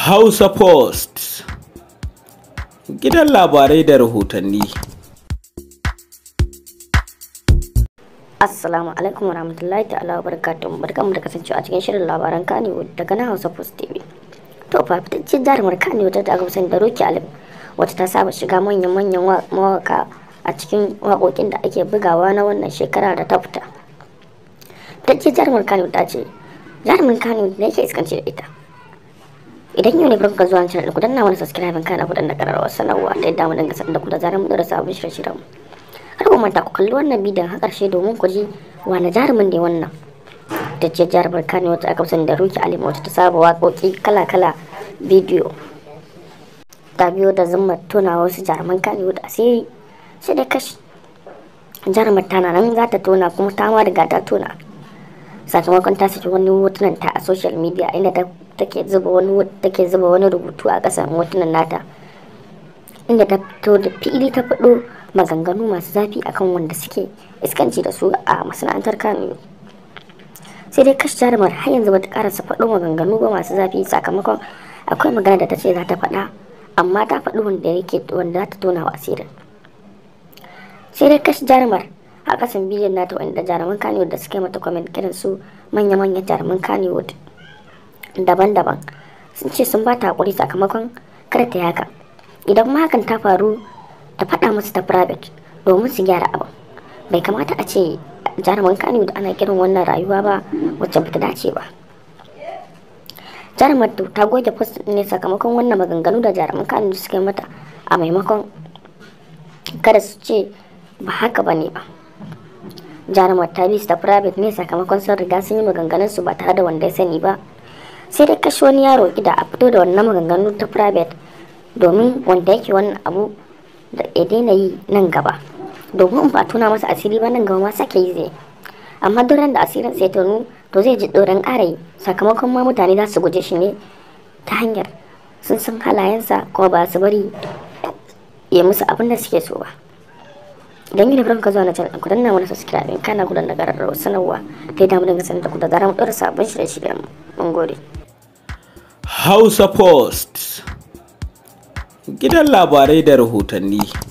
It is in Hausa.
Hausa Post gidan labarai da rahotanni. Assalamu alaikum wa rahmatullahi ta'ala wa barakatun mu da kasancewa a cikin shirin labaran kani daga na Hausa Post TV. To fa fitaccen jarumar Kanewood ta aka da Roki Alim wacce ta saba shiga manyan manyan mawaka a cikin waƙoƙin da ake bugawa na wannan shekara da ta fita. Fitaccen jarumar kani ta ce jarumin kani ne ke iskance da ita. idan yau ne barkan ka zuwa channel ku danna wani subscribe kana ku danna kararrawar sanarwa ta yadda mu dinga sanar da ku da zarar mu dora sabon shirye-shiryen mu har ku manta ku kalli wannan bidiyon har karshe domin ku ji wani jarumin ne wannan da ce jarumar kane wata aka sani da ruki alima wata ta saba waƙoƙi kala-kala bidiyo ta biyo da zama tona wasu jaruman kane da asiri sai dai kashi jarumar tana nan za ta tona kuma ta ma riga ta tona sakamakon ta saki wani hotunan ta a social media inda ta take zuba wani take zuba wani rubutu a kasan hotunan nata inda ta fito da fili ta faɗo maganganu masu zafi akan wanda suke iskanci da su a masana'antar kano sai dai kashi jarumar har yanzu bata karasa faɗo maganganu ba masu zafi sakamakon akwai magana da ta ce za ta faɗa amma ta fado wanda yake wanda za ta tona wa asirin sai dai kashi jarumar a kasan bidiyon nata wanda jaruman kano da suke mata kwamen kiran su manya-manyan jaruman kaniwood daban-daban sun ce sun ba ta hakuri sakamakon kar ta yaka idan ma hakan ta faru ta faɗa musu ta private domin su gyara abin bai kamata a ce jaruman kanu da ana kiran wannan rayuwa ba wacce bata dace ba jarumar ta goge post ne sakamakon wannan maganganu da jaruman kanu yi mata a maimakon kada su ce ba haka ba ne ba jarumar ta bi ta private ne sakamakon sun riga sun yi maganganun su ba tare da wanda ya sani ba sai dai kashe wani yaro gida a fito da wannan maganganu ta private domin wanda yake wannan abu da ya daina yi nan gaba domin in ba tuna masa asiri ba nan gaba ma sake yi zai amma duk da asirin sai tonu to zai ji doron ƙara yi sakamakon ma mutane za su guje shi ne ta hanyar sun san halayensa kuma ba su bari ya musu abin da suke so ba don yi labarin ka zuwa na channel ku danna mana subscribe kana gudan da gararrawar sanarwa ta yi damu da sanar da ku da zarar mu ɗora sabon shirye-shiryen mun gode Hausa Post gidan labarai da rahotanni.